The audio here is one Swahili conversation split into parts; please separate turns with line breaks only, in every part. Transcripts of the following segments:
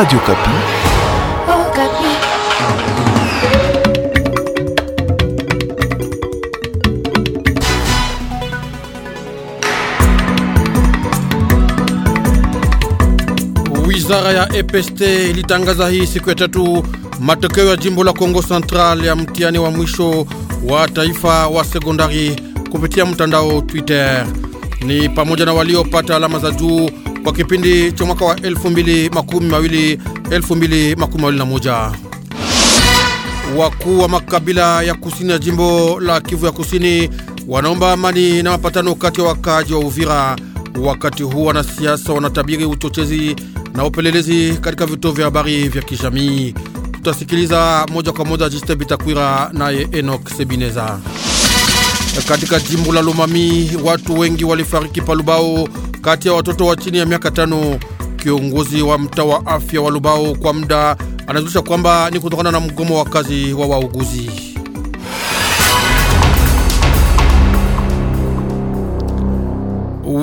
Radio Kapi.
Oh, Kapi.
Wizara ya EPST ilitangaza hii siku ya tatu matokeo ya jimbo la Kongo Central ya mtihani wa mwisho wa taifa wa sekondari kupitia mtandao Twitter. Ni pamoja na waliopata alama za juu kwa kipindi cha mwaka wa 2020 2021. Wakuu wa makabila ya kusini ya jimbo la Kivu ya kusini wanaomba amani na mapatano kati ya wakaaji wa Uvira. Wakati huu wanasiasa wanatabiri uchochezi na upelelezi katika vituo vya habari vya kijamii. Tutasikiliza moja kwa moja Jiste Bitakwira naye Enoch Sebineza. Katika jimbo la Lumami watu wengi walifariki palubao kati ya watoto wa chini ya miaka tano. Kiongozi wa mtaa wa afya wa Lubao kwa muda anajulisha kwamba ni kutokana na mgomo wa kazi wa wauguzi.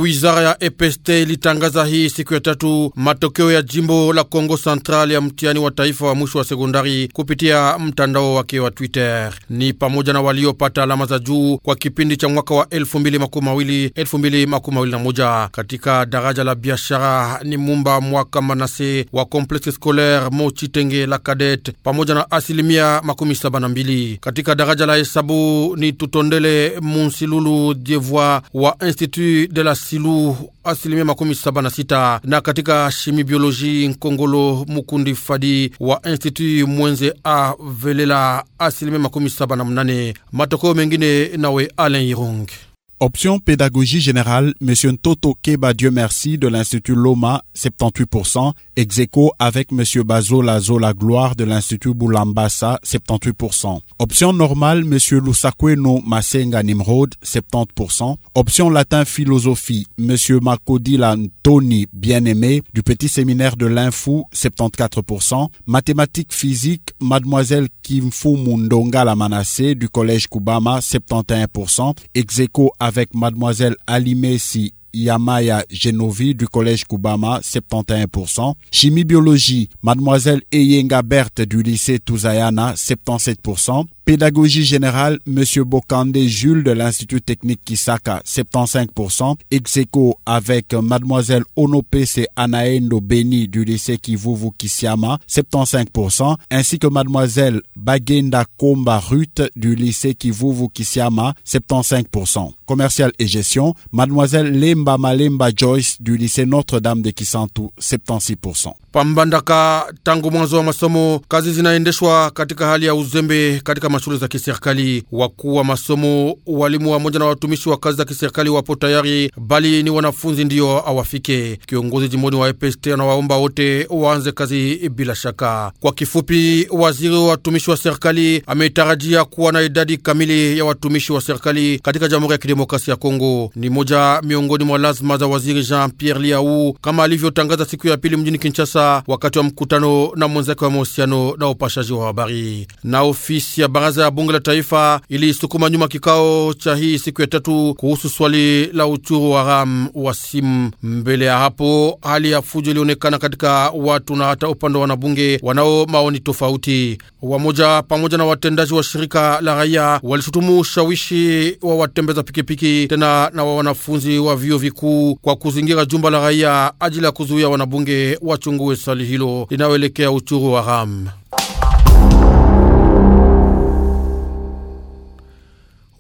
Wizara ya EPST ilitangaza hii siku ya tatu matokeo ya jimbo la Kongo Central ya mtihani wa taifa wa mwisho wa sekondari kupitia mtandao wake wa Twitter. Ni pamoja na waliopata alama za juu kwa kipindi cha mwaka wa 2020 2021 katika daraja la biashara ni Mumba Mwaka Manase wa Complexe Scolaire Mochitenge la Kadet pamoja na asilimia 72. Katika daraja la hesabu ni Tutondele Munsilulu Dievoi wa Institut de la Silu asilimia makumi saba na sita na katika shimi bioloji Nkongolo Mukundi Fadi wa Institut Mwenze a Velela asilimia makumi saba na mnane matokeo mengine nawe Alain Irung. Option
pédagogie générale, M. Ntoto Keba Dieu merci de l'Institut Loma, 78%, Execo avec M. Bazo Lazo La Gloire de l'Institut Boulambassa, 78%. Option normale, M. Lusakweno Masenga Nimrod, 70%. Option latin philosophie, M. Makodila Tony Bien-Aimé du Petit Séminaire de l'Infou, 74%. Mathématiques physique, Mademoiselle Kimfu Mundonga Lamanase du Collège Kubama, 71%. Execo avec avec mademoiselle Alimessi Yamaya Genovi du collège Kubama, 71%. Chimie biologie, mademoiselle Eyenga Berthe du lycée Touzayana, 77%. Pédagogie générale, M. Bokande Jules de l'Institut technique Kisaka, 75%. Execo avec Mademoiselle Onopese Anaendo Beni du lycée Kivuvu Kisiama, 75%. Ainsi que Mademoiselle Bagenda Komba Ruth du lycée Kivuvu Kisiama, 75%. Commercial et gestion, Mademoiselle Lemba Malemba Joyce du lycée Notre-Dame de Kisantu, 76%.
Pambandaka, katika kama shule za kiserikali. Wakuu wa masomo, walimu wamoja na watumishi wa kazi za kiserikali wapo tayari, bali ni wanafunzi ndiyo awafike. Kiongozi jimboni wa EPST anawaomba wote waanze kazi bila shaka. Kwa kifupi, waziri wa watumishi wa serikali ametarajia kuwa na idadi kamili ya watumishi wa serikali katika Jamhuri ya Kidemokrasia ya Kongo. Ni moja miongoni mwa lazima za waziri Jean Pierre Liau kama alivyotangaza siku ya pili mjini Kinshasa wakati wa mkutano na mwenzake wa mahusiano na upashaji wa habari na ofisi ya baraza ya bunge la taifa ilisukuma nyuma kikao cha hii siku ya tatu kuhusu swali la uchuru wa RAM wa simu. Mbele ya hapo, hali ya fujo ilionekana katika watu na hata upande wa wanabunge wanao maoni tofauti. Wamoja pamoja na watendaji wa shirika la raia walishutumu ushawishi wa watembeza pikipiki tena na wa wanafunzi wa vyuo vikuu kwa kuzingira jumba la raia ajili ya kuzuia wanabunge wachungue swali hilo linayoelekea uchuru wa RAM.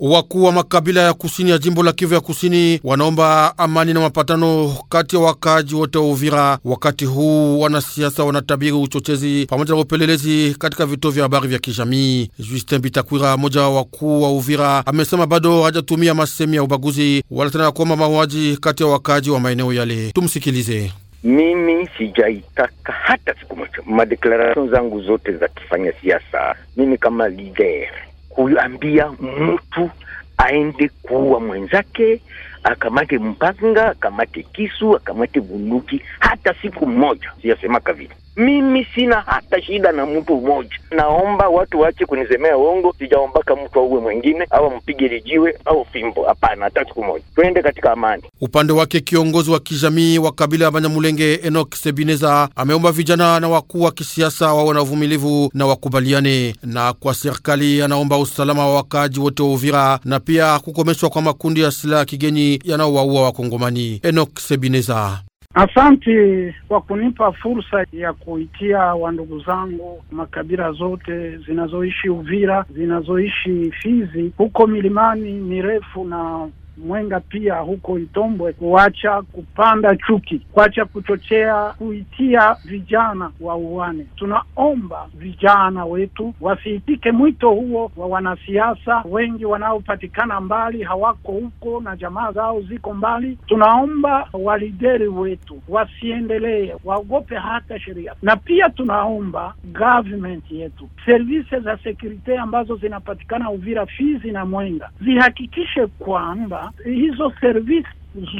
Wakuu wa makabila ya kusini ya jimbo la Kivu ya kusini wanaomba amani na mapatano kati ya wakaaji wote wa Uvira. Wakati huu wanasiasa wanatabiri uchochezi pamoja na upelelezi katika vituo vya habari vya kijamii. Justin Bitakwira, mmoja wa wakuu wa Uvira, amesema bado hajatumia masemi ya ubaguzi wala tena ya kuomba mauaji kati ya wakaaji wa maeneo yale. Tumsikilize.
Mimi sijaitaka hata siku moja madeklarasyon zangu zote za kifanya siasa, mimi kama lider kuambia mtu aende kuua mwenzake, akamate mpanga, akamate kisu, akamate bunduki, hata siku mmoja siyasemaka vile mimi sina hata shida na mtu mmoja. Naomba watu wache kunizemea uongo. Sijaombaka mtu auwe mwingine au mpige lijiwe au fimbo, hapana, hata siku moja. Twende katika amani.
Upande wake kiongozi wa kijamii wa kabila ya Banyamulenge Enoch Sebineza ameomba vijana na wakuu wa kisiasa wawe na uvumilivu na wakubaliane, na kwa serikali anaomba usalama wa wakaaji wote wa Uvira na pia kukomeshwa kwa makundi ya silaha ya kigeni yanaowaua Wakongomani. Enoch Sebineza
Asante kwa kunipa fursa ya kuitia wandugu zangu makabila zote zinazoishi Uvira, zinazoishi Fizi, huko milimani mirefu na Mwenga pia huko Itombwe, kuacha kupanda chuki, kuacha kuchochea, kuitia vijana wa uane. Tunaomba vijana wetu wasiitike mwito huo wa wanasiasa wengi wanaopatikana mbali, hawako huko na jamaa zao ziko mbali. Tunaomba walideri wetu wasiendelee, waogope hata sheria, na pia tunaomba government yetu, servise za sekurite ambazo zinapatikana Uvira, Fizi na Mwenga zihakikishe kwamba e isso serviço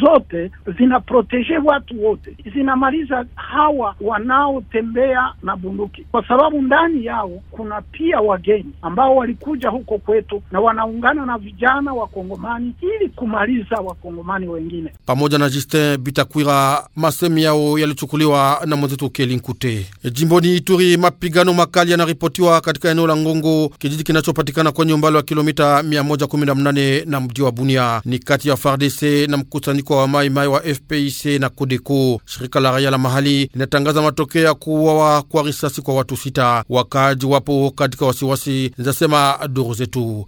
zote zinaproteje watu wote, zinamaliza hawa wanaotembea na bunduki, kwa sababu ndani yao kuna pia wageni ambao walikuja huko kwetu na wanaungana na vijana wakongomani ili kumaliza wakongomani wengine.
Pamoja na Justin Bitakwira, masemi yao yalichukuliwa na mwenzetu Keli Nkute. Jimboni Ituri, mapigano makali yanaripotiwa katika eneo la Ngongo, kijiji kinachopatikana kwenye umbali wa kilomita 118 na mji wa Bunia, ni kati ya FARDC na mkusi mkusanyiko wa maimai wa FPIC na Kodeko. Shirika la raia la mahali linatangaza matokeo ya kuuawa kwa risasi kwa watu sita. Wakaaji wapo katika wasiwasi, zinasema duru zetu.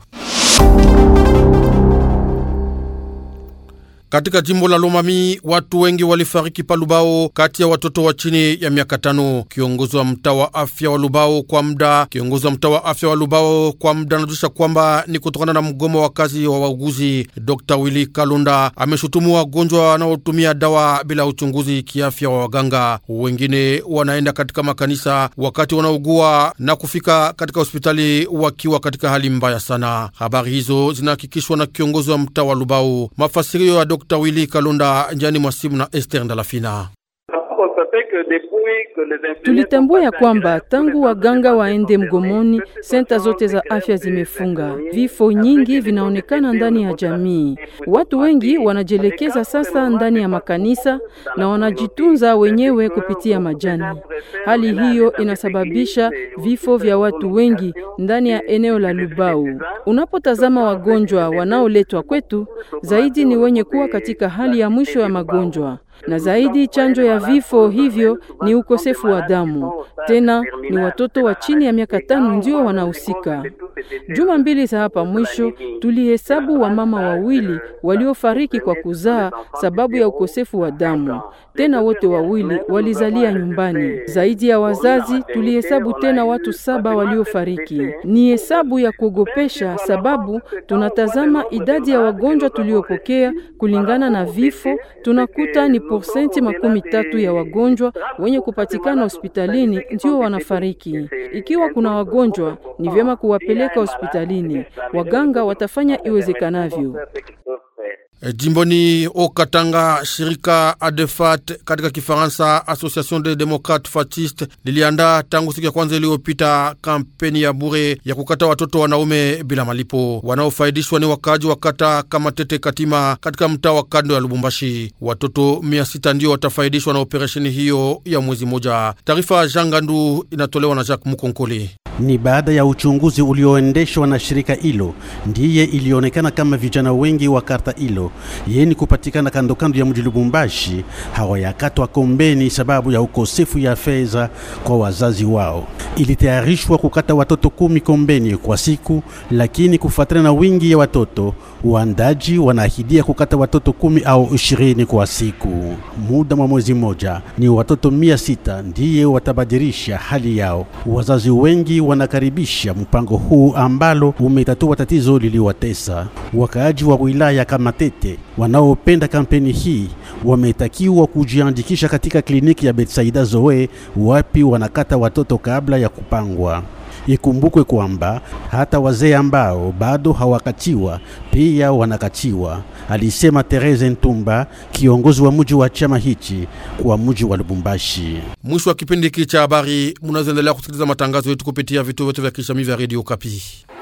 Katika jimbo la Lomami watu wengi walifariki pa Lubao, kati ya watoto wa chini ya miaka tano. Kiongozi wa mtaa wa afya wa Lubao kwa muda kiongozi wa mtaa wa afya wa Lubao kwa muda anajulisha kwamba ni kutokana na mgomo wa kazi wa wauguzi. Dr Willy Kalonda ameshutumu wagonjwa wanaotumia dawa bila uchunguzi kiafya wa waganga. Wengine wanaenda katika makanisa wakati wanaugua na kufika katika hospitali wakiwa katika hali mbaya sana. Habari hizo zinahakikishwa na kiongozi wa mtaa wa Lubao. Mafasirio ya Dr tawili Kalunda njani simu na Ester Ndalafina.
Tulitambua ya kwamba tangu waganga waende mgomoni, senta zote za afya zimefunga. Vifo nyingi vinaonekana ndani ya jamii. Watu wengi wanajielekeza sasa ndani ya makanisa na wanajitunza wenyewe kupitia majani. Hali hiyo inasababisha vifo vya watu wengi ndani ya eneo la Lubao. Unapotazama wagonjwa wanaoletwa kwetu, zaidi ni wenye kuwa katika hali ya mwisho ya magonjwa na zaidi chanjo ya vifo hivyo ni ukosefu wa damu, tena ni watoto wa chini ya miaka tano ndio wanahusika. Juma mbili za hapa mwisho tulihesabu wamama wawili waliofariki kwa kuzaa sababu ya ukosefu wa damu, tena wote wawili walizalia nyumbani. Zaidi ya wazazi tulihesabu tena watu saba waliofariki. Ni hesabu ya kuogopesha, sababu tunatazama idadi ya wagonjwa tuliopokea kulingana na vifo, tunakuta ni porsenti makumi tatu ya wagonjwa wenye kupatikana hospitalini ndio wanafariki. Ikiwa kuna wagonjwa, ni vyema kuwapeleka kutoka hospitalini. Waganga watafanya iwezekanavyo.
Eh, jimboni Okatanga, shirika ADEFAT katika Kifaransa, Association des Democrates Fascistes, liliandaa tangu siku ya kwanza iliyopita kampeni ya bure ya kukata watoto wanaume bila malipo. Wanaofaidishwa ni wakaaji wa kata kama Tete Katima katika mtaa wa kando ya Lubumbashi. Watoto mia sita ndiyo watafaidishwa na operesheni hiyo ya mwezi moja. Taarifa ya Gandu inatolewa na Jacques Mukonkoli.
Ni baada ya uchunguzi ulioendeshwa na shirika hilo ndiye ilionekana kama vijana wengi wa karta hilo yeni kupatikana kando kando ya mji Lubumbashi hawayakatwa kombeni sababu ya ukosefu ya fedha kwa wazazi wao ilitayarishwa kukata watoto kumi kombeni kwa siku, lakini kufuatana na wingi ya watoto, waandaji wanaahidia kukata watoto kumi au ishirini kwa siku. Muda mwa mwezi mmoja ni watoto mia sita ndiye watabadilisha hali yao. Wazazi wengi wanakaribisha mpango huu ambalo umetatua tatizo liliwatesa wakaaji wa wilaya Kamatete Wanaopenda kampeni hii wametakiwa kujiandikisha katika kliniki ya Betsaida Zoe wapi wanakata watoto kabla ya kupangwa. Ikumbukwe kwamba hata wazee ambao bado hawakatiwa pia wanakatiwa, alisema Therese Ntumba, kiongozi wa mji wa chama hichi kwa mji wa Lubumbashi.
Mwisho wa kipindi hiki cha habari, munazoendelea kusikiliza matangazo yetu kupitia vituo vyote vya kijamii vya Radio Kapi.